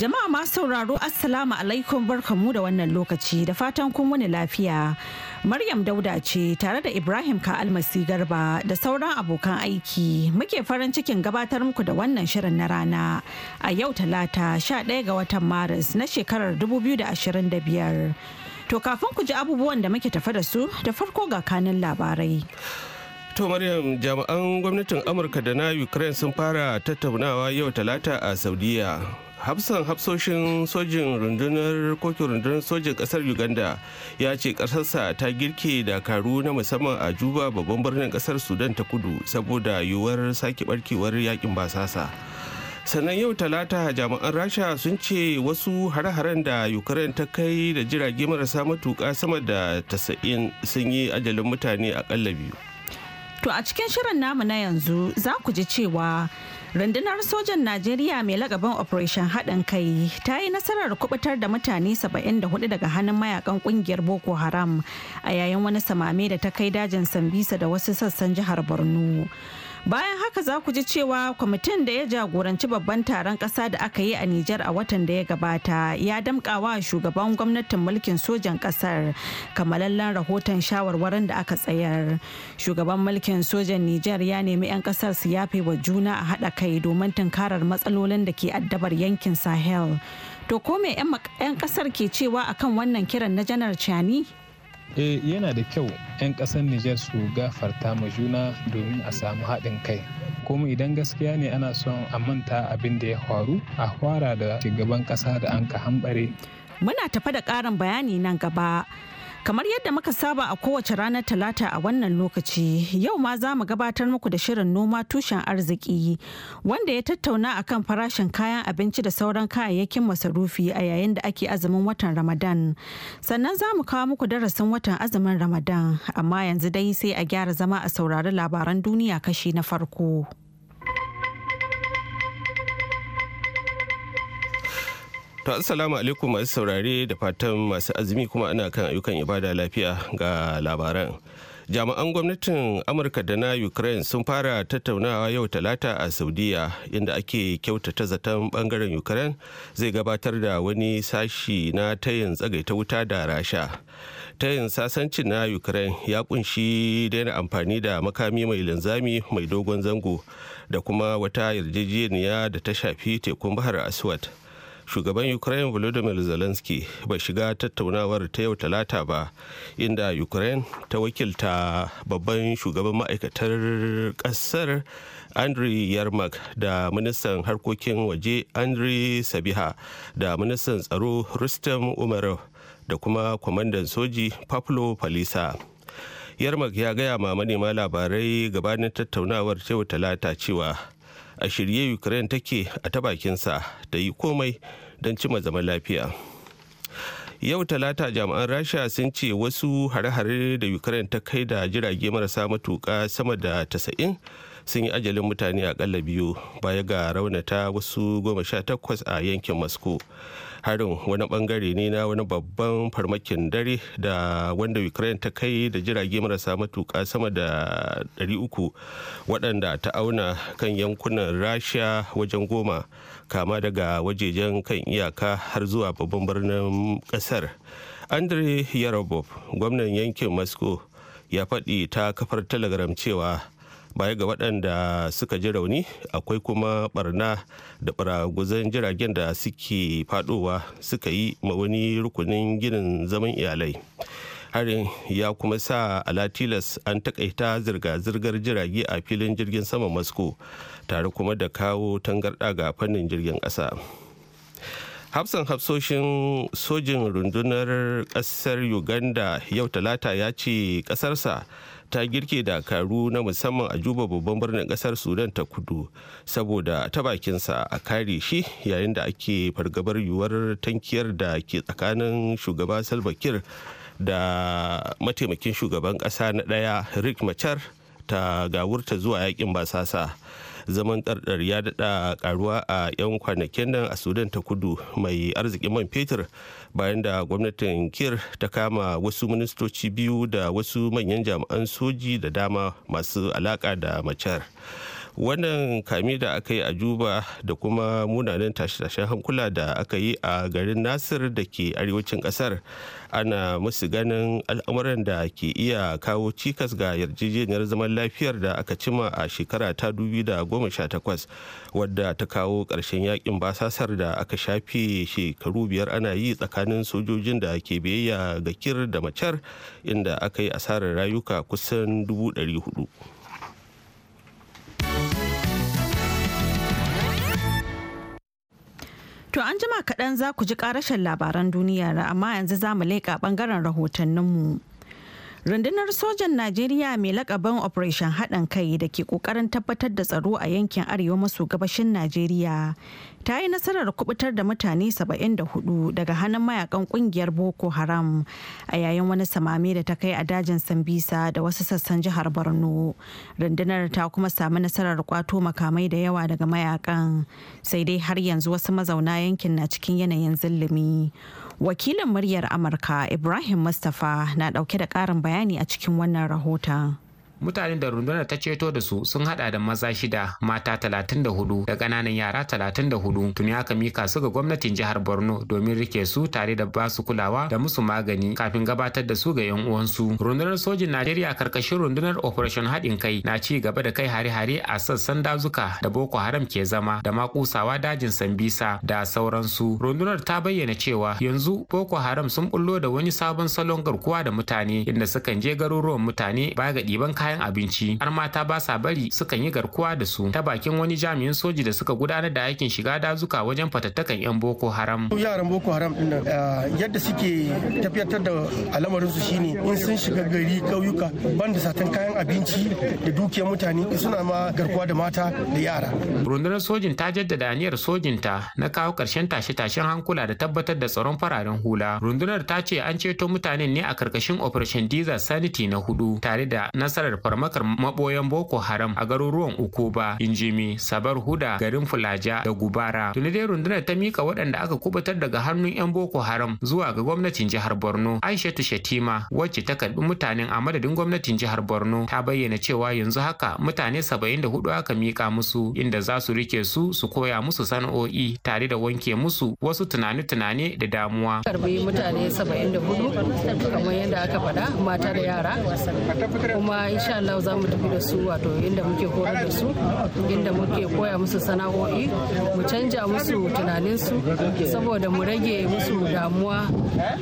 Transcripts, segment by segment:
Jama'a masu sauraro Assalamu alaikum barkamu da wannan lokaci da fatan kun wani lafiya. Maryam Dauda ce tare da Ibrahim Ka'almasi Garba da sauran abokan aiki muke farin cikin gabatar muku da wannan shirin na rana a yau talata 11 ga watan Maris na shekarar 2025. To kafin ku ji abubuwan da muke tafa da su da farko ga kanin labarai. To Maryam jami'an gwamnatin Amurka da na Ukraine sun fara tattaunawa yau talata a Saudiya. hafsan hafsoshin sojin rundunar kokin rundunar sojin kasar uganda ya ce kasarsa ta girke dakaru na musamman a juba babban birnin kasar sudan ta kudu saboda yiwuwar sake barkewar yakin basasa sannan yau talata jami'an rasha sun ce wasu hare-haren da ukraine ta kai da jirage marasa matuka sama da 90 sun yi ajalin mutane akalla biyu to a cikin shirin namu na yanzu za ku ji cewa rundunar sojan najeriya mai Lakabin operation haɗin kai ta yi nasarar kubutar da mutane 74 daga hannun mayakan kungiyar boko haram a yayin wani samame da ta kai dajin sambisa da wasu sassan jihar borno bayan haka za ku ji cewa kwamitin da ya jagoranci babban taron ƙasa da aka yi a nijar a watan da ya gabata ya damƙawa shugaban gwamnatin mulkin sojan ƙasar kamalallen rahoton shawarwarin da aka tsayar shugaban mulkin sojan nijar ya nemi 'yan ƙasar su yafe wa juna a haɗa kai domin tunkarar matsalolin da ke addabar yankin sahel to ko me 'yan ƙasar ke cewa akan wannan kiran na janar chani eh yana da kyau 'yan ƙasar Nijar su gafarta ma juna domin a samu haɗin kai. Kuma idan gaskiya ne ana son a manta abin da ya faru a fara da shugaban ƙasa da an ka hambare. Muna tafa da ƙarin bayani nan gaba. Kamar yadda muka saba a kowace ranar Talata a wannan lokaci, yau ma za mu gabatar muku da shirin noma tushen arziki wanda ya tattauna akan farashin kayan abinci da sauran kayayyakin masarufi a yayin da ake azumin watan Ramadan. Sannan za mu kawo muku darasin watan azumin Ramadan, amma yanzu dai sai a gyara zama a saurari labaran duniya kashi na farko. To assalamu alaikum masu saurare da fatan masu azumi kuma ana kan ayyukan ibada lafiya ga labaran. Jami'an gwamnatin Amurka da na Ukraine sun fara tattaunawa yau talata a Saudiya inda ake kyautata zaton bangaren Ukraine zai gabatar da wani sashi na tayin tsagaita wuta da rasha. Tayin sasancin na Ukraine ya kunshi daina amfani da makami mai linzami mai dogon zango da kuma wata yarjejeniya da ta shafi tekun bahar Aswad. shugaban ukraine volodymyr zelensky bai shiga tattaunawar ta yau talata ba inda ukraine ta wakilta babban shugaban ma'aikatar kasar andriy yarmak da ministan harkokin waje andriy sabiha da ministan tsaro rustem umarov da kuma kwamandan soji pablo palisa yarmak ya gaya ma manema labarai gabanin tattaunawar yau talata cewa a shirye ukraine take a ta bakinsa da yi komai don cima zaman lafiya yau talata jami'an rasha sun ce wasu hare-hare da ukraine ta kai da jirage marasa matuka sama da tasa'in sun yi ajalin mutane akalla biyu baya ga raunata wasu goma sha takwas a yankin moscow harin wani bangare ne na wani babban farmakin dare da wanda ukraine ta kai da jirage marasa matuka sama da 300 waɗanda ta auna kan yankunan rasha wajen goma kama daga wajejen kan iyaka har zuwa babban birnin ƙasar andre yarobov gwamnan yankin moscow ya faɗi ta kafar telegram cewa baya ga waɗanda suka ji rauni akwai kuma barna da baraguzan jiragen da suke faɗowa suka yi ma wani rukunin ginin zaman iyalai harin ya kuma sa alatilas an takaita zirga-zirgar jirage a filin jirgin sama moscow tare kuma da kawo tangarɗa ga fannin jirgin ƙasa hafsan hafsoshin sojin rundunar ƙasar uganda yau talata ya ce ƙasarsa ta girke dakaru na musamman a juba babban birnin kasar sudan ta kudu saboda ta bakinsa a kare shi yayin da ake fargabar yuwar tankiyar da ke tsakanin shugaba salbakir da mataimakin shugaban kasa na daya rick machar ta gawurta zuwa yakin basasa zaman kardar ya daɗa karuwa a 'yan kwanakin nan a sudan ta kudu mai arzikin man fetur bayan da gwamnatin kir ta kama wasu ministoci biyu da wasu manyan jami'an soji da dama masu alaka da macar. wannan kami da aka yi a juba da kuma munanan tashe-tashen hankula da aka yi a garin nasir da ke arewacin kasar ana musu ganin al'amuran da ke iya kawo cikas ga yarjejeniyar zaman lafiyar da aka cima a shekara ta takwas wadda ta kawo ƙarshen yakin basasar da aka shafe shekaru biyar ana yi tsakanin sojojin da ke biyayya ga kir da macar inda aka yi asarar rayuka kusan 400 To an jima kaɗan za ku ji ƙarashin labaran duniya amma yanzu za mu leƙa ɓangaren rahotanninmu. mu. Rundunar sojan Najeriya mai lakaban Operation haɗin kai da ke ƙoƙarin tabbatar da tsaro a yankin arewa maso gabashin Najeriya ta yi nasarar kubutar da mutane 74 daga hannun mayakan ƙungiyar Boko Haram a yayin wani samami da ta kai a dajin Sambisa da wasu sassan jihar Borno. Rundunar ta kuma sami nasarar kwato makamai da yawa daga mayakan sai dai har yanzu wasu mazauna yankin na cikin yanayin zulumi. wakilin muryar amurka ibrahim mustapha na dauke da karin bayani a cikin wannan rahoton mutanen da rundunar ta ceto da su sun hada da maza shida mata talatin da hudu da ƙananan yara talatin da 34 tuni aka mika su ga gwamnatin jihar borno domin rike su tare da ba su kulawa da musu magani kafin gabatar da su ga yan uwansu rundunar sojin najeriya karkashin rundunar operation haɗin kai na ci gaba da kai hare-hare a sassan dazuka da boko haram ke zama da makusawa dajin sambisa da sauransu rundunar ta bayyana cewa yanzu boko haram sun bullo da wani sabon salon garkuwa da mutane inda sukan je garuruwan mutane ba ga ɗiban kayan kayan abinci har mata ba sa bari sukan yi garkuwa da su ta bakin wani jami'in soji da suka gudanar da aikin shiga dazuka wajen fatattakan 'yan boko haram yaran boko haram din nan eh, yadda suke tafiyatar da al'amarin su shine in sun shiga gari kauyuka banda satan kayan abinci da dukiyar mutane suna ma garkuwa da mata da yara rundunar sojin ta jaddada aniyar sojinta na kawo karshen tashe-tashen hankula da tabbatar da tsaron fararen hula rundunar ta ce an ceto mutanen ne a karkashin operation desert sanity na hudu tare da nasarar farmakar maboyan Boko Haram a garuruwan Ukuba, Injimi, Sabar Huda, garin Fulaja da Gubara. Tuni dai rundunar ta mika waɗanda aka kubutar daga hannun 'yan Boko Haram zuwa ga gwamnatin jihar Borno. Aishatu Shatima wacce ta mutanen a madadin gwamnatin jihar Borno ta bayyana cewa yanzu haka mutane 74 aka mika musu inda za su rike su su koya musu sana'o'i tare da wanke musu wasu tunane-tunane da damuwa. Karbi mutane 74 kamar yadda aka faɗa mata da yara kuma insha Allah za mu tafi da su wato inda muke horar da su inda muke koya musu sana'o'i mu canja musu tunaninsu saboda mu rage musu damuwa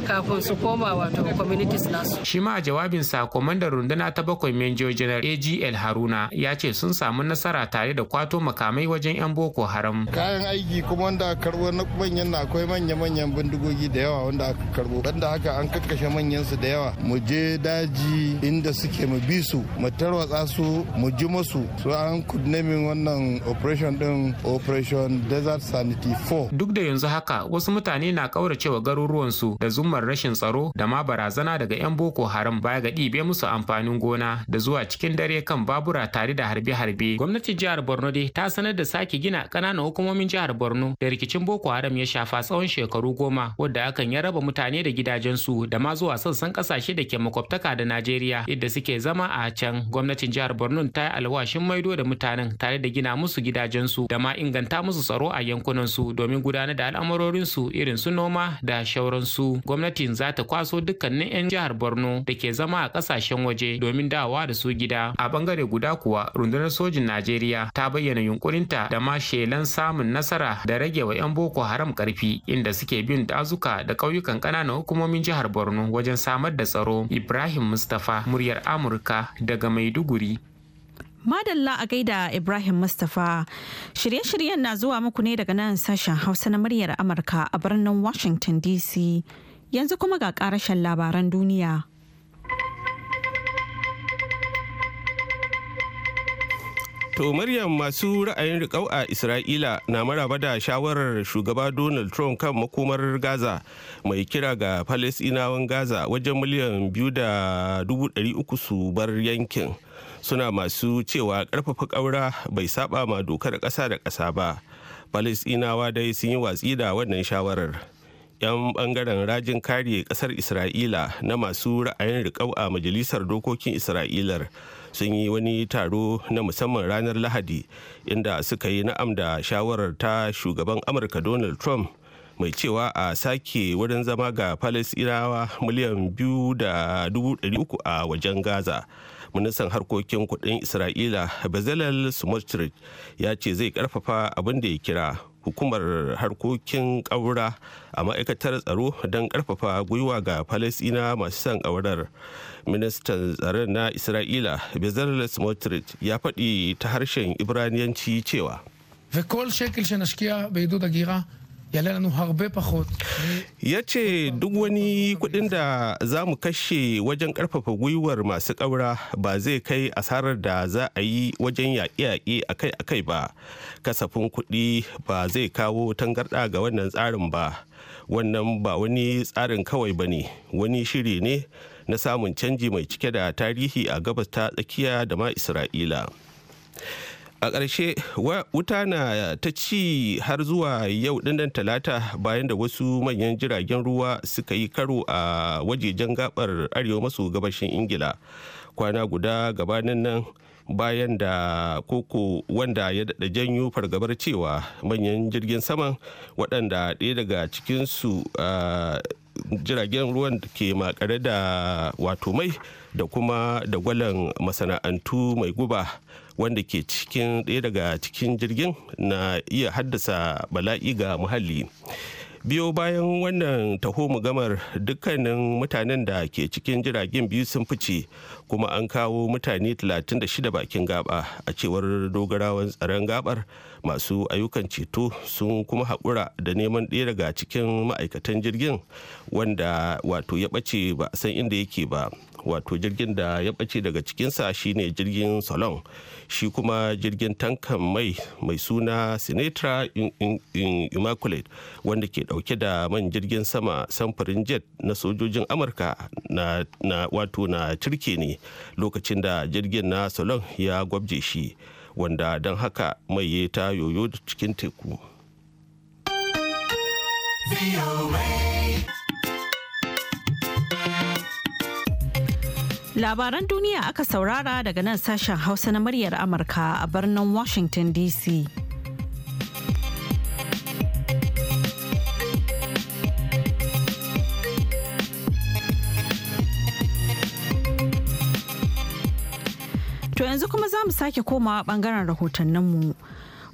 kafin su koma wato communities nasu shi ma a sa kwamandan runduna ta bakwai major general agl haruna ya ce sun samu nasara tare da kwato makamai wajen yan boko haram kayan aiki kuma wanda aka karbo na manyan akwai manya-manyan bindigogi da yawa wanda aka karbo wanda haka an kakkashe manyan su da yawa mu je daji inda suke mu bi su mu tarwatsa su mu ji musu su an kudnemin wannan operation din operation desert sanity 4 duk da yanzu haka wasu mutane na kauracewa garuruwansu da zumar rashin tsaro da ma barazana daga 'yan boko haram baya ga ɗibe musu amfanin gona da zuwa cikin dare kan babura tare da harbe-harbe gwamnatin jihar borno dai ta sanar da sake gina ƙananan hukumomin jihar borno da rikicin boko haram ya shafa tsawon shekaru goma wadda hakan ya raba mutane da gidajensu da ma zuwa sassan ƙasashe da ke makwabtaka da najeriya inda suke zama a can can gwamnatin jihar borno ta yi alwashin maido da mutanen tare da gina musu gidajensu da ma inganta musu tsaro a yankunansu domin gudanar da al'amurorinsu irin su noma da shauransu gwamnatin za ta kwaso dukkanin 'yan jihar borno da ke zama a kasashen waje domin dawowa da su gida a bangare guda kuwa rundunar sojin najeriya ta bayyana yunkurinta da ma shelan samun nasara da rage wa 'yan boko haram karfi inda suke bin dazuka da ƙauyukan ƙananan hukumomin jihar borno wajen samar da tsaro ibrahim mustapha muryar amurka daga Maiduguri. Madalla a gaida Ibrahim Mustapha. Shirye-shiryen na zuwa muku ne daga nan sashen Hausa na muryar Amurka a birnin Washington DC. Yanzu kuma ga karashen labaran duniya. To Maryam masu ra'ayin riƙau a Isra'ila na maraba da shawarar shugaba Donald Trump kan makomar Gaza mai kira ga Falasɗinawan Gaza wajen miliyan biyu da dubu ɗari uku su bar yankin. Suna masu cewa ƙarfafa ƙaura bai saba ma dokar ƙasa da ƙasa ba. Falasɗinawa dai sun yi watsi da wannan shawarar. 'yan bangaren rajin kare kasar isra'ila na masu ra'ayin riƙau a majalisar dokokin isra'ilar sun yi wani taro na musamman ranar lahadi inda suka yi na'am da shawarar ta shugaban amurka donald trump mai cewa a sake wurin zama ga falasirawa miliyan biyu da dubu uku a wajen gaza ministan harkokin kudin isra'ila bezalel smotrich ya ce zai karfafa abin da ya kira hukumar harkokin ƙaura a ma'aikatar tsaro don ƙarfafa gwiwa ga falasina masu son ƙaurar ministan tsaron na isra'ila bezalel smotrich ya faɗi ta harshen ibraniyanci cewa yale harbe pahot ya ce duk wani kudin da za mu kashe wajen karfafa gwiwar masu ƙaura ba zai kai asarar da za a yi wajen yaƙe-yaƙe akai-akai ba kasafin kuɗi ba zai kawo tangarɗa ga wannan tsarin ba wannan ba wani tsarin kawai ba ne wani shiri ne na samun canji mai cike da tarihi a gabas ta tsakiya da ma isra'ila a ƙarshe wuta na ta ci har zuwa yau ɗinnan talata bayan da wasu manyan jiragen ruwa suka yi karo a wajejen gabar arewa maso gabashin ingila kwana guda gabanin nan bayan da koko wanda ya daɗa janyo fargabar cewa manyan jirgin saman waɗanda ɗaya daga cikinsu jiragen ruwan ke makare da wato mai da kuma da gwalan masana'antu mai guba wanda ke cikin ɗaya daga cikin jirgin na iya haddasa bala'i ga muhalli biyo bayan wannan taho gamar dukkanin mutanen da ke cikin jiragen biyu sun fice kuma an kawo mutane 36 bakin gaba a cewar dogarawan tsaron gabar masu ayyukan ceto sun kuma haƙura da neman ɗaya daga cikin ma'aikatan jirgin wanda wato ya ɓace ba a san inda yake ba wato jirgin da ya ɓace daga cikinsa shine jirgin salon shi kuma jirgin tankan mai mai suna sinatra immaculate wanda ke ɗauke da man jirgin sama samfurin jet na sojojin amurka na wato na turke ne lokacin da jirgin na salon ya gwabje shi wanda don haka mai ya ta yoyo cikin teku labaran duniya aka saurara daga nan sashen hausa na muryar amurka a birnin washington dc To yanzu kuma za mu sake komawa bangaren rahotanninmu. mu.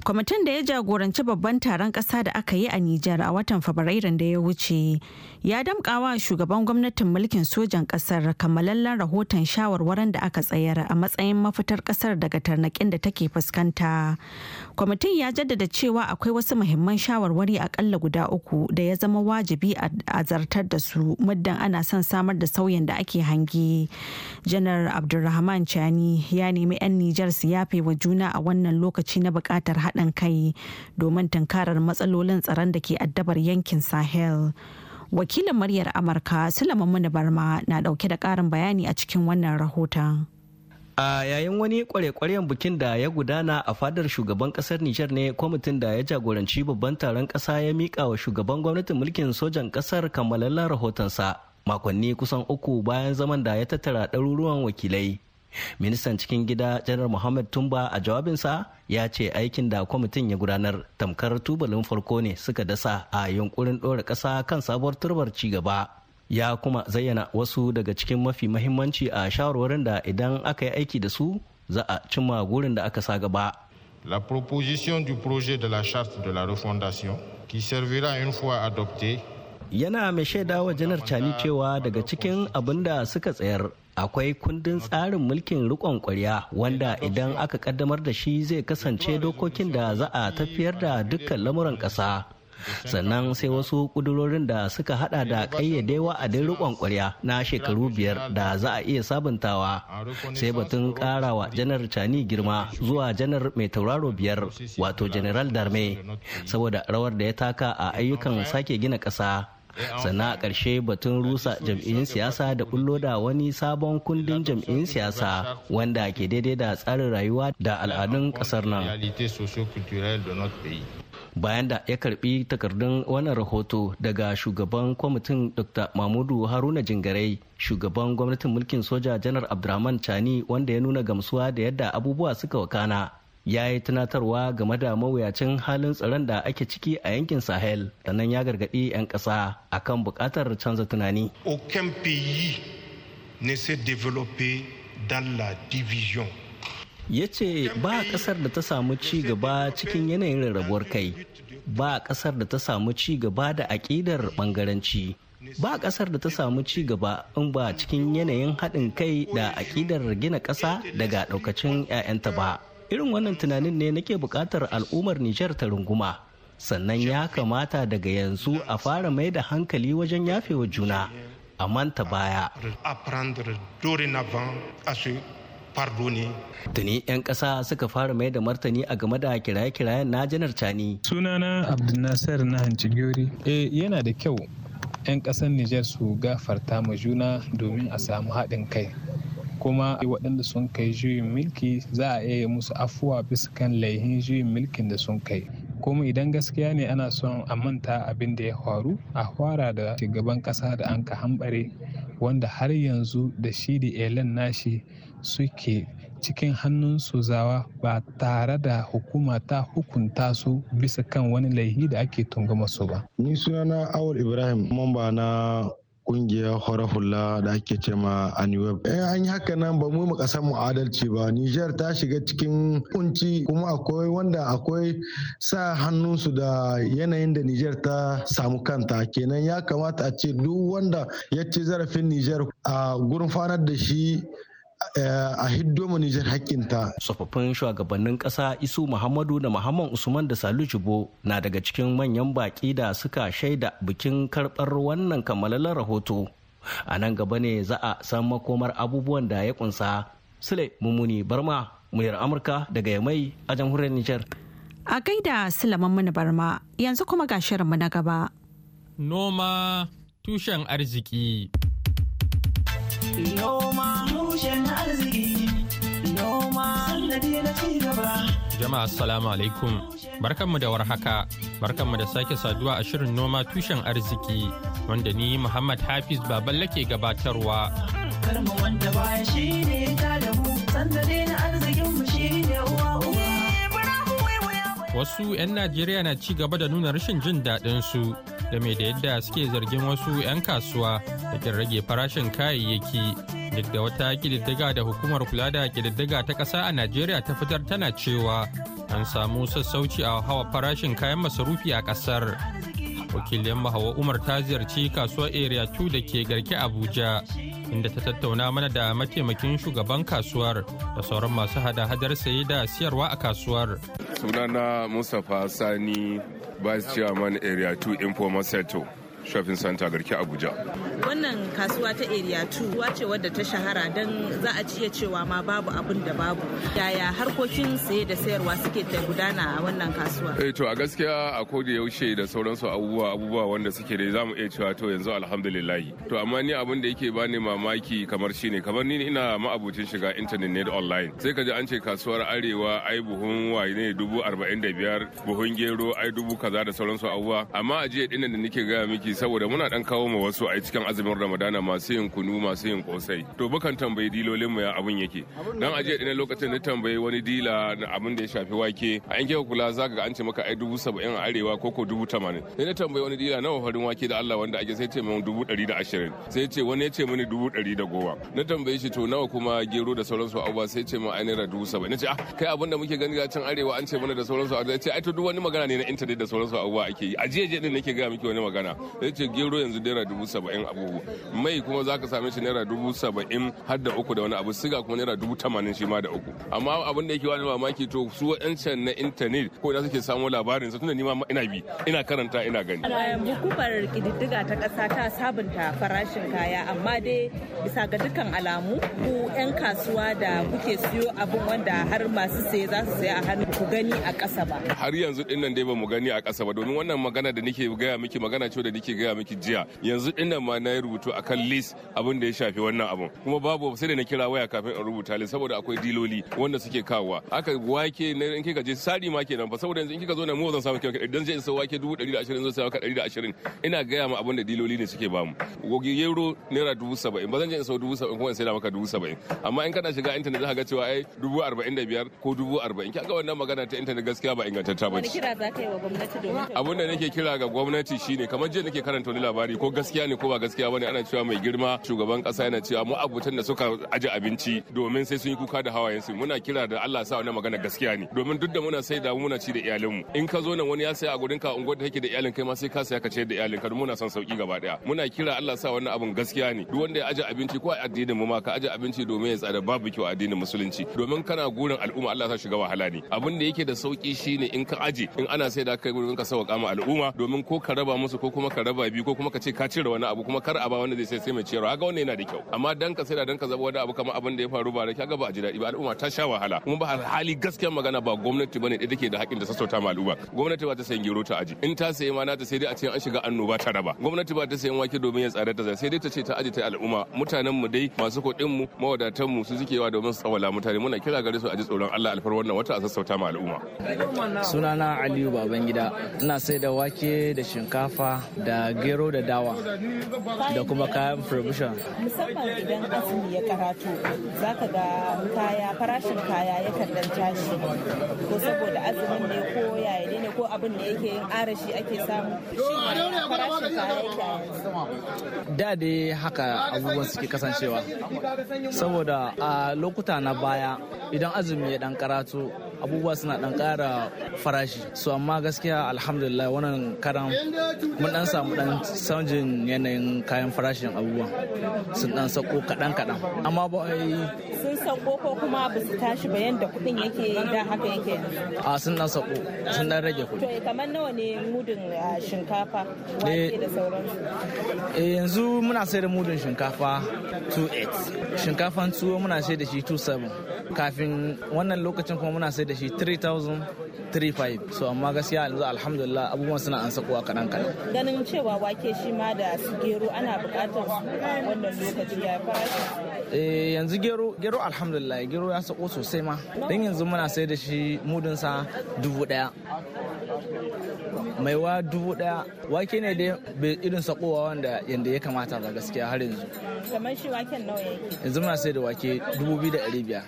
kwamitin da ya jagoranci babban taron ƙasa da aka yi a Nijar a watan Fabrairun da ya wuce ya damƙawa shugaban gwamnatin mulkin sojan ƙasar kammalallen rahoton shawarwarin da aka tsayar a matsayin mafitar ƙasar daga tarnakin da take fuskanta. Kwamitin ya jaddada cewa akwai wasu muhimman shawarwari akalla guda uku da ya zama wajibi a zartar da su muddin ana son samar da sauyin da ake hangi. Janar Abdulrahman Chani ya nemi 'yan Nijar su yafe wa juna a wannan lokaci na buƙatar haɗin kai domin tunkarar matsalolin tsaron da ke addabar yankin sahel wakilin muryar amurka sulaiman muni barma na ɗauke da ƙarin bayani a cikin wannan rahoton a yayin wani kware kwaryen bikin da ya gudana a fadar shugaban kasar nijar ne kwamitin da ya jagoranci babban taron kasa ya mika wa shugaban gwamnatin mulkin sojan kasar kammalallen rahotonsa makonni kusan uku bayan zaman da ya tattara ɗaruruwan wakilai ministan cikin gida janar muhammad tumba a jawabinsa ya ce aikin da kwamitin ya gudanar tamkar tubalin farko ne suka dasa a yunkurin ɗora ƙasa kan sabuwar turbar ci gaba ya kuma zayyana wasu daga cikin mafi mahimmanci a shawarwarin da idan aka yi aiki da su za a cimma gurin da aka sa gaba la proposition du projet de la charte de la refondation qui servira une fois adoptée yana mai shaida wa janar cani cewa daga cikin abin da suka tsayar akwai kundin tsarin mulkin rikon kwarya wanda idan aka kaddamar da shi zai kasance dokokin da za a tafiyar da dukkan lamuran ƙasa sannan sai wasu kudurorin da suka hada da kayyade wa'adin rikon kwarya na shekaru biyar da za a iya sabuntawa sai batun karawa janar cani girma zuwa janar mai tauraro biyar wato general darme saboda rawar da ya taka a ayyukan sake gina ƙasa sannan a ƙarshe batun rusa jam'iyyun siyasa da bullo da wani sabon kundin jam'iyyun siyasa wanda ke daidai da tsarin rayuwa da al'adun ƙasar nan bayan da ya karbi takardun wannan rahoto daga shugaban kwamitin dr mamudu haruna jingarai shugaban gwamnatin mulkin soja janar abdurrahman chani wanda ya nuna gamsuwa da yadda abubuwa suka wakana ya yi tunatarwa game da mawuyacin halin tsaron da ake ciki a yankin sahel sannan ya gargaɗi 'yan ƙasa a kan buƙatar canza tunani aucun pays ne se dans division ya ce ba ƙasar da ta samu ci gaba cikin yanayin rarrabuwar kai ba ƙasar da ta samu ci gaba da aƙidar ɓangaranci ba ƙasar da ta samu ci gaba in ba cikin yanayin haɗin kai da aƙidar gina ƙasa daga ɗaukacin 'ya'yanta ba irin wannan tunanin ne nake buƙatar al'ummar nijar ta runguma sannan ya kamata daga yanzu a fara mai da hankali wajen yafewa juna a manta baya Tuni 'yan ƙasa suka fara mai da martani a game da kiraye-kirayen na janar Cani. Sunana Abdulnasir na Eh yana da kyau 'yan ƙasar Nijar su gafarta ma juna domin a samu haɗin kai. kuma waɗanda sun kai juyin milki za a iya musu afuwa bisa kan laihin juyin milkin da sun kai kuma idan gaskiya ne ana son a manta abin da ya faru a fara da shugaban ƙasa da an ka hambare wanda har yanzu da shi da elen nashi suke cikin hannun su zawa ba tare da hukuma ta hukunta su bisa kan wani laihi da ake tunga masu ba. Ni sunana Awul Ibrahim, mamba na kungiyar hore hula da ake ce ma aniweb eh an yi haka nan ba mu mu kasar mu adalci ba niger ta shiga cikin kunci kuma akwai wanda akwai sa hannunsu da yanayin da niger ta samu kanta kenan ya kamata a ce duk wanda ya ci zarafin niger a gurfanar da shi Eh, a hiddo mu Nijar hakkinta. Tsofaffin shugabannin ƙasa Isu Muhammadu da Muhammad Usman da Salu Jibo na daga cikin manyan baƙi da suka shaida bikin karɓar wannan kammalalar rahoto. A nan gaba ne za a san makomar abubuwan da ya kunsa. Sule Mumuni Barma, muryar Amurka daga Yamai a jamhuriyar Nijar. A gaida Sulaiman Muni Barma, yanzu kuma ga shirin mu na gaba. Noma tushen arziki. Noma tushen arziki. Noma sannadi na ci Jama'a assalamu alaikum. Barkanmu da warhaka. Barkanmu da sake saduwa a shirin noma tushen arziki wanda ni Muhammad Hafiz Baballe ke gabatarwa. Eh, Wasu 'yan Najeriya na ci gaba da nuna rashin jin daɗinsu game da yadda suke zargin wasu 'yan kasuwa da kan rage farashin kayayyaki duk da wata kididdiga da hukumar kula da kididdiga ta ƙasa a najeriya ta fitar tana cewa an samu sassauci a hawa farashin kayan masarufi a ƙasar wakilin mahawa umar ta ziyarci kasuwar area 2 da ke garki abuja inda ta tattauna mana da mataimakin shugaban kasuwar da sauran masu hada-hadar saye da siyarwa a kasuwar. Sunana Mustapha Sani Vice Chairman Area 2 Informal Sector. Shafin Santa garki abuja wannan kasuwa ta area 2 wace wadda ta shahara don za a ciye cewa ma babu abin da babu yaya harkokin saye da sayarwa suke ta gudana a wannan kasuwa eh to a gaskiya a koda yaushe da sauransu abubuwa abubuwa wanda suke da zamu iya cewa to yanzu alhamdulillah to amma ni abin da yake bani mamaki kamar shine kamar ni ina ma'abucin shiga internet ne da online sai ka ji an ce kasuwar arewa ai buhun waye ne dubu arba'in da biyar buhun gero ai dubu kaza da sauransu abubuwa amma a jiya dinnan da nake gaya miki saboda muna dan kawo ma wasu a cikin azumin ramadana masu yin kunu masu yin kosai to bakan tambayi dilolin mu ya abun yake dan aje ɗin lokacin na tambayi wani dila na abun da ya shafi wake a yanke kula zaka ga an ce maka ai dubu saba'in a arewa ko ko dubu tamanin sai na tambayi wani dila nawa farin wake da Allah wanda ake sai ce min dubu ɗari da ashirin sai ce wani ya ce mini dubu ɗari da goma na tambaye shi to nawa kuma gero da sauransu abuwa sai ce min ai naira dubu saba'in na ce ah kai abun da muke gani cin arewa an ce mana da sauransu abuwa ce ai to duk wani magana ne na intanet da sauransu abuwa ake yi a jiya din nake ga miki wani magana sai ce gero yanzu naira dubu saba'in abubu mai kuma za ka same shi naira dubu saba'in har da uku da wani abu siga kuma naira dubu tamanin shi ma da uku amma abin da yake wani mamaki to su wa'ancan na intanet ko da suke samu labarin sa tunda ni ma ina bi ina karanta ina gani hukumar kididdiga ta ƙasa ta sabunta farashin kaya amma dai bisa ga dukkan alamu ku 'yan kasuwa da kuke siyo abin wanda har masu saye za su saya a hannu ku gani a ƙasa ba har yanzu dinnan dai ba mu gani a ƙasa ba domin wannan magana da nake gaya miki magana ce da nake gaya miki jiya yanzu dinnan ma na yi rubutu a kan list abin da ya shafi wannan abun kuma babu sai da na kira waya kafin in rubuta list saboda akwai diloli wanda suke kawowa aka wake na in kika je sadi ma kenan fa saboda yanzu in kika zo na mu zan samu kika idan zai sai wake 120 zo sai ka 120 ina gaya ma abin da diloli ne suke bamu gogi euro naira 70 ba zan je in sai 70 kuma in sai da maka 70 amma in kana shiga internet zaka ga cewa ai 45 ko 40 ga wannan magana ta internet gaskiya ba ingantatta ba ne kira za ka yi wa gwamnati domin abin da nake kira ga gwamnati shine kamar jiya ake karanta wani labari ko gaskiya ne ko ba gaskiya bane ana cewa mai girma shugaban kasa yana cewa mu abutan da suka aje abinci domin sai sun yi kuka da hawayen su muna kira da Allah sa wannan magana gaskiya ne domin duk da muna sai da muna ci da iyalan mu in ka zo nan wani ya saya a gurin ka unguwar da kake da iyalin kai ma sai ka saya ka ce da iyalin ka muna son sauki gaba daya muna kira Allah sa wannan abun gaskiya ne duk wanda ya aje abinci ko a addinin mu ma ka aje abinci domin ya tsada babu kyau a addinin musulunci domin kana gurin al'umma Allah sa shiga wahala ne abin da yake da sauki shine in ka aje in ana sai da kai gurin ka sauka ma al'umma domin ko ka raba musu ko kuma ka raba biyu ko kuma ka ce ka cire wani abu kuma kar a ba wanda zai sai sai mai ciyarwa haka wannan yana da kyau amma dan ka sai da dan ka zaba wani abu kamar abin da ya faru ba bara kaga ba a ji daɗi ba al'umma ta sha wahala kuma ba hali gaskiyar magana ba gwamnati bane da take da hakkin da sassauta ma al'umma gwamnati ba ta sayin gero ta aji in ta sayi ma na ta sai dai a ce an shiga annoba ta raba gwamnati ba ta sayin wake domin ya tsare ta sai dai ta ce ta aji ta al'umma mutanen mu dai masu kuɗin mu mawadatan mu su suke wa domin su tsawala mutane muna kira gare su a ji tsoron Allah alfar wannan wata a sassauta ma al'umma sunana Aliyu Babangida ina sai da wake da shinkafa da gero da dawa da kuma kayan furbushan musamman idan azumi ya karato za ka ga kaya farashin kaya ya dan tashi ko saboda azumin ne ko yayi ne ko abin da yake yin arashi ake samu farashin kaya da dai haka abubuwan suke kasancewa saboda a lokuta na baya idan azumi ya dan karatu abubuwa suna dan kara farashi su amma gaskiya alhamdulillah wannan karan mun dan samu samu dan sanjin yanayin kayan farashin abubuwan sun dan sauko kaɗan kaɗan amma ba sun sauko ko kuma ba su tashi ba yanda kuɗin yake da haka yake a sun dan sauko sun dan rage kuɗi to eh, kamar nawa ne mudun shinkafa wake eh, da sauransu eh yanzu muna sai da mudun shinkafa 28 shinkafan tuwo muna sai da shi 27 kafin wannan lokacin kuma muna sai da shi 3000 3-5 so amma gaskiya yanzu alhamdulillah abubuwan suna an sakuwa kaɗan kaɗan ganin cewa wake shi ma da su gero ana buƙatar wannan lokaci ya fara eh yanzu gero gero alhamdulillah gero ya sako sosai ma dan yanzu muna sai da shi mudun sa dubu ɗaya mai wa dubu daya wake ne dai bai irin sakowa wanda yadda ya kamata ba gaskiya har yanzu kamar shi waken nawa yake yanzu muna sai da wake dubu biyu da ɗari biyar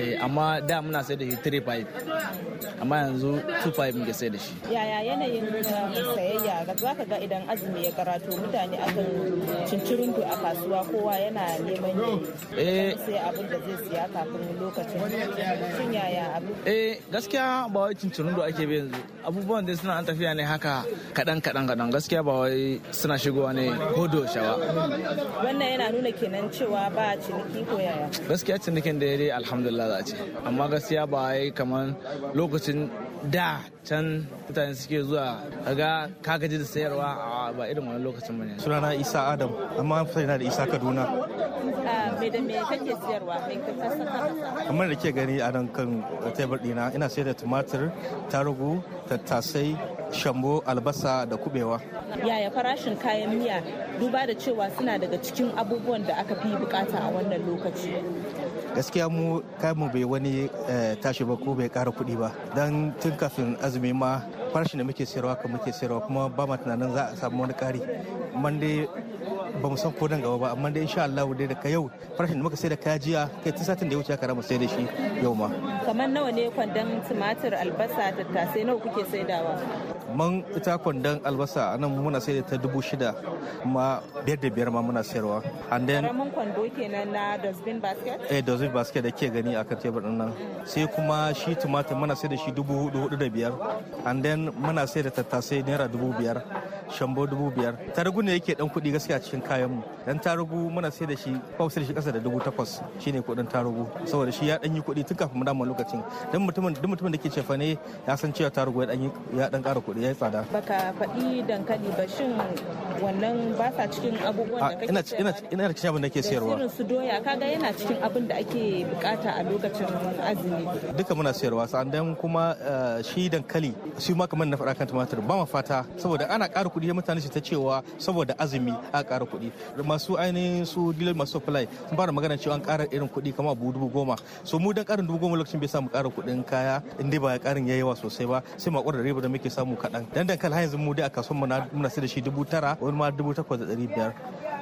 eh, amma da muna sai da shi three five amma yanzu two five muke sai da shi yaya yanayin eh, sayayya ga za ka ga idan azumi ya karato mutane akan cincirundu a kasuwa kowa yana neman yin eh. sai abin da zai siya kafin lokacin shin yaya abin eh gaskiya ba wai cincirundu ake bi yanzu abubuwan dai suna an tafiya ne haka kaɗan kaɗan kaɗan gaskiya ba wai suna shigowa ne hodo shawa wannan yana nuna kenan cewa ba ciniki ko yaya gaskiya cinikin da ya dai alhamdulillah za ce amma gaskiya ba wai kamar lokacin da can mutane suke zuwa kaga ka gaji da sayarwa a ba irin wani lokacin bane sunana isa adam amma an fita da isa kaduna ah, me da kake sayarwa me kamar da ke gani a nan kan tebur dina ina sayar da tumatir tarugu tattasai shambo albasa da kubewa yaya farashin kayan miya duba da cewa suna daga cikin abubuwan da aka fi bukata a wannan lokaci gaskiya mu mu bai wani eh, tashi ba ko bai kara kuɗi ba don tun kafin azumi ma farashin da muke sayarwa ka muke sayarwa kuma ba ma tunanin za a samu wani kari ba mu san ko nan gaba ba amma dai insha Allah dai daga yau farashin da muka sai da kajiya kai tun satin da ya wuce aka mu sai da shi yau ma kamar nawa ne kwandon tumatir albasa tattasai nawa kuke saidawa man ita kwandon albasa nan muna sai da ta dubu shida ma biyar da biyar ma muna sayarwa and then karamin kwando kenan na dustbin basket eh dustbin basket da ke gani akan tebur din nan sai kuma shi tumatir muna sai da shi dubu hudu da biyar and then muna sai da tattasai naira dubu biyar shambo dubu biyar tarugu ne yake dan kuɗi gaskiya cikin kayan mu dan tarugu muna sai da shi ko sai da shi kasa da dubu takwas shine kuɗin tarugu saboda shi ya dan yi kuɗi tun kafin mu dama lokacin dan mutumin duk mutumin da ke cefa ne ya san cewa tarugu ya dan ya dan ƙara kuɗi ya tsada baka faɗi dankali ba shin wannan ba sa cikin abubuwan da kake ina ina ina cikin abin da ke sayarwa irin su doya kaga yana cikin abin da ake bukata a lokacin azumi duka muna sayarwa sa'an kuma eh, shi dankali su ma kamar na faɗa kan tumatur ba ma fata saboda ana ƙara kuɗi mutane su ta cewa saboda azumi a ƙara kuɗi masu ainihin su dealer masu supply sun fara magana cewa an ƙara irin kuɗi kamar abu dubu goma so mu dan ƙarin dubu goma lokacin bai samu ƙara kuɗin kaya in dai ba ƙarin ya yawa sosai ba sai makwar da riba da muke samu kaɗan dandan dankali har yanzu mu dai a kasuwar mu muna sai da shi dubu tara wani ma dubu takwas da ɗari biyar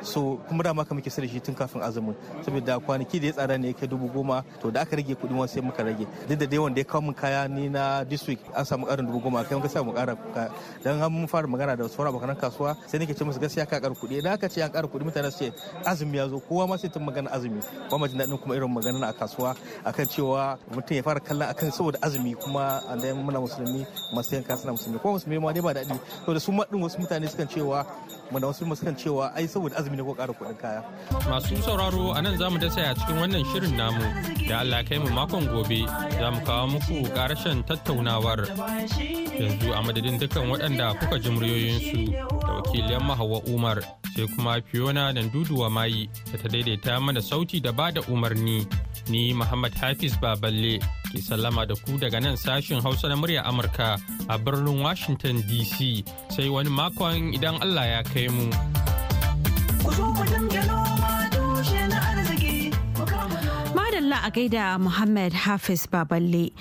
so kuma dama ka muke sarrafa tun kafin azumin saboda kwanaki da ya tsada ne yake dubu goma to da aka rage kuɗin wasu sai muka rage duk da dai wanda ya kawo min kaya ni na this week an samu ƙarin dubu goma kai muka samu ƙara dan har mun fara magana da sauran abokan kasuwa sai nake ce musu gaskiya ka ƙara kuɗi idan aka ce an ƙara kuɗi mutane su ce azumi ya zo kowa ma sai tun magana azumi ba ma jin daɗin kuma irin magana a kasuwa akan cewa mutum ya fara kallon akan saboda azumi kuma a muna musulmi masu yanka suna musulmi kuma musulmi ma dai ba daɗi to da su maɗin wasu mutane sukan cewa mana wasu sukan cewa ai saboda azumi azumi ne ko ƙara kuɗin kaya. Masu sauraro a nan zamu da saya cikin wannan shirin namu da Allah kai mu makon gobe za mu kawo muku ƙarashen tattaunawar. Yanzu a madadin dukkan waɗanda kuka ji muryoyinsu da wakiliyan Hauwa Umar sai kuma Fiona duduwa Mayi da ta daidaita mana sauti da ba da umarni. Ni Muhammad Hafiz Baballe ke sallama da ku daga nan sashin Hausa na murya Amurka a birnin Washington DC sai wani makon idan Allah ya kai mu. a gaida Muhammad Hafiz Baballe.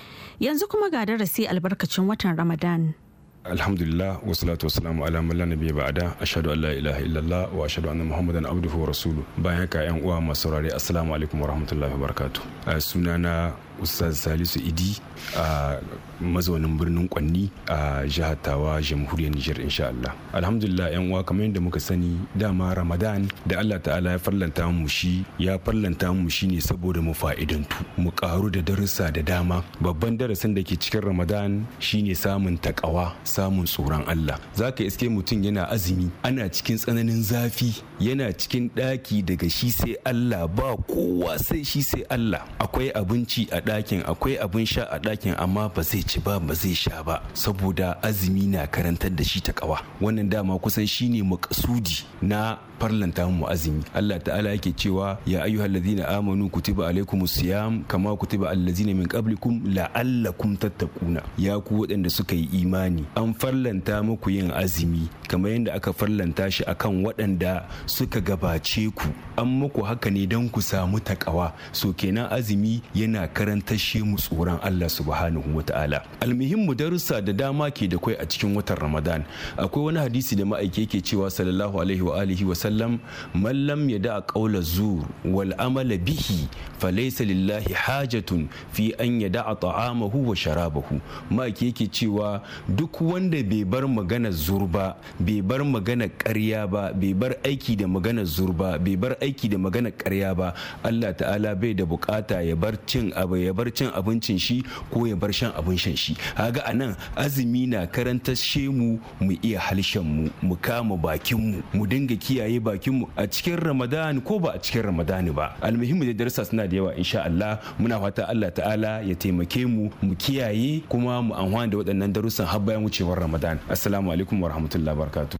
Yanzu kuma ga darasi albarkacin watan Ramadan. Alhamdulillah wa salatu wa salamu ala mulla nabiyyi ba'ada ashhadu an la ilaha illallah wa ashhadu anna muhammadan abduhu wa rasuluhu. Bayan ka yan uwa masu rare assalamu alaikum wa rahmatullahi wa barakatuh. Sunana Ustaz Salisu Idi a mazaunin birnin Kwanni a jihar Tawa jamhuriyar Nijar insha Allah. Alhamdulillah yan uwa kamar yadda muka sani dama Ramadan da Allah ta'ala ya farlanta mu shi ya farlanta mu shi ne saboda mu fa'idantu mu karu da darussa da dama babban darasin da ke cikin Ramadan shine samun takawa samun tsoron Allah. Zaka iske mutum yana azumi ana cikin tsananin zafi yana cikin ɗaki daga shi sai Allah ba kowa sai shi sai Allah akwai abinci a ɗakin akwai abin sha a ɗakin amma ba zai ci ba ba zai sha ba saboda azumi na karantar da shi ta kawa wannan dama kusan shine makasudi na farlanta mu azumi Allah ta'ala yake cewa ya ayyuhal ladina amanu kutiba alaikumus siyam kama kutiba allazina min qablikum la'allakum tattaquna ya ku waɗanda suka yi imani an farlanta muku yin azumi kamar yadda aka farlanta shi akan waɗanda suka gabace ku an muku haka ne don ku samu takawa so kenan azumi yana karanta karantashe mu tsoron Allah subhanahu wa ta'ala almuhimmu darussa da dama ke da kwai a cikin watan Ramadan akwai wani hadisi da ma'aike yake cewa sallallahu alaihi wa alihi wa sallam man ya da qaula zur wal amala bihi laysa lillahi hajatun fi an yada ta'amahu wa sharabahu ma'aiki yake cewa duk wanda bai bar magana zur ba bai bar magana ƙarya ba bai bar aiki da magana zur ba bai bar aiki da magana ƙarya ba Allah ta'ala bai da bukata ya bar cin abu ya bar cin abincin shi ko ya bar shan abin shan shi kaga nan azumi na karanta shemu mu iya halshen mu mu kama bakin mu mu dinga kiyaye bakin mu a cikin ramadan ko ba a cikin ramadan ba almuhimmu da darsa suna da yawa insha Allah muna fata Allah ta'ala ya taimake mu mu kiyaye kuma mu amfana da waɗannan darussan har bayan wucewar ramadan assalamu alaikum warahmatullahi wabarakatuh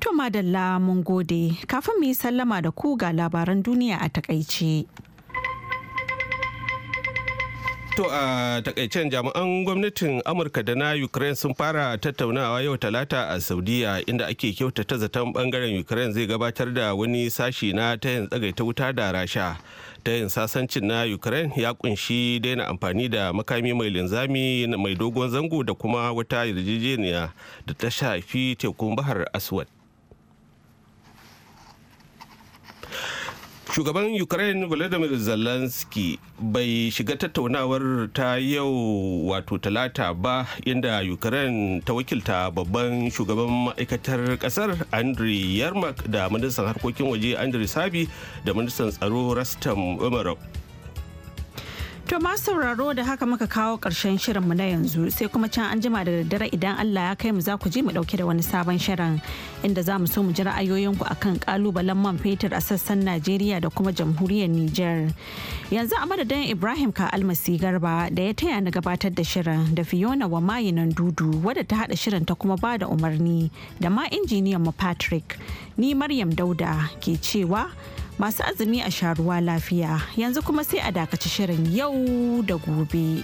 To madalla mun gode kafin mu yi sallama da ku ga labaran duniya a takaice. To a takaicen jami'an gwamnatin Amurka da na Ukraine sun fara tattaunawa yau talata a Saudiya inda ake kyautata zaton bangaren Ukraine zai gabatar da wani sashi na ta yin tsagaita wuta da rasha. Ta yin sasancin na Ukraine ya kunshi daina amfani da makami mai linzami mai dogon zango da kuma wata yarjejeniya da ta shafi tekun bahar Aswad. shugaban ukraine volodymyr zelensky bai shiga tattaunawar ta yau wato talata ba inda ukraine ta wakilta babban shugaban ma'aikatar kasar andriy yarmak da ministan harkokin waje andriy sabi da ministan tsaro rastam umarov To ma sauraro da haka muka kawo ƙarshen shirinmu na yanzu sai kuma can an jima da daddare idan Allah ya kai mu za ku ji mu ɗauke da wani sabon shirin inda za mu so mu ji ra'ayoyinku kan ƙalubalen man fetur a sassan Najeriya da kuma jamhuriyar Nijar. Yanzu a madadin Ibrahim Ka Almasi Garba da ya taya na gabatar da shirin da Fiona wa mayinan dudu wadda ta haɗa shirin ta kuma ba da umarni da ma injiniyan mu Patrick. Ni Maryam Dauda ke cewa masu azumi a sharuwa lafiya yanzu kuma sai a dakaci shirin yau da gobe.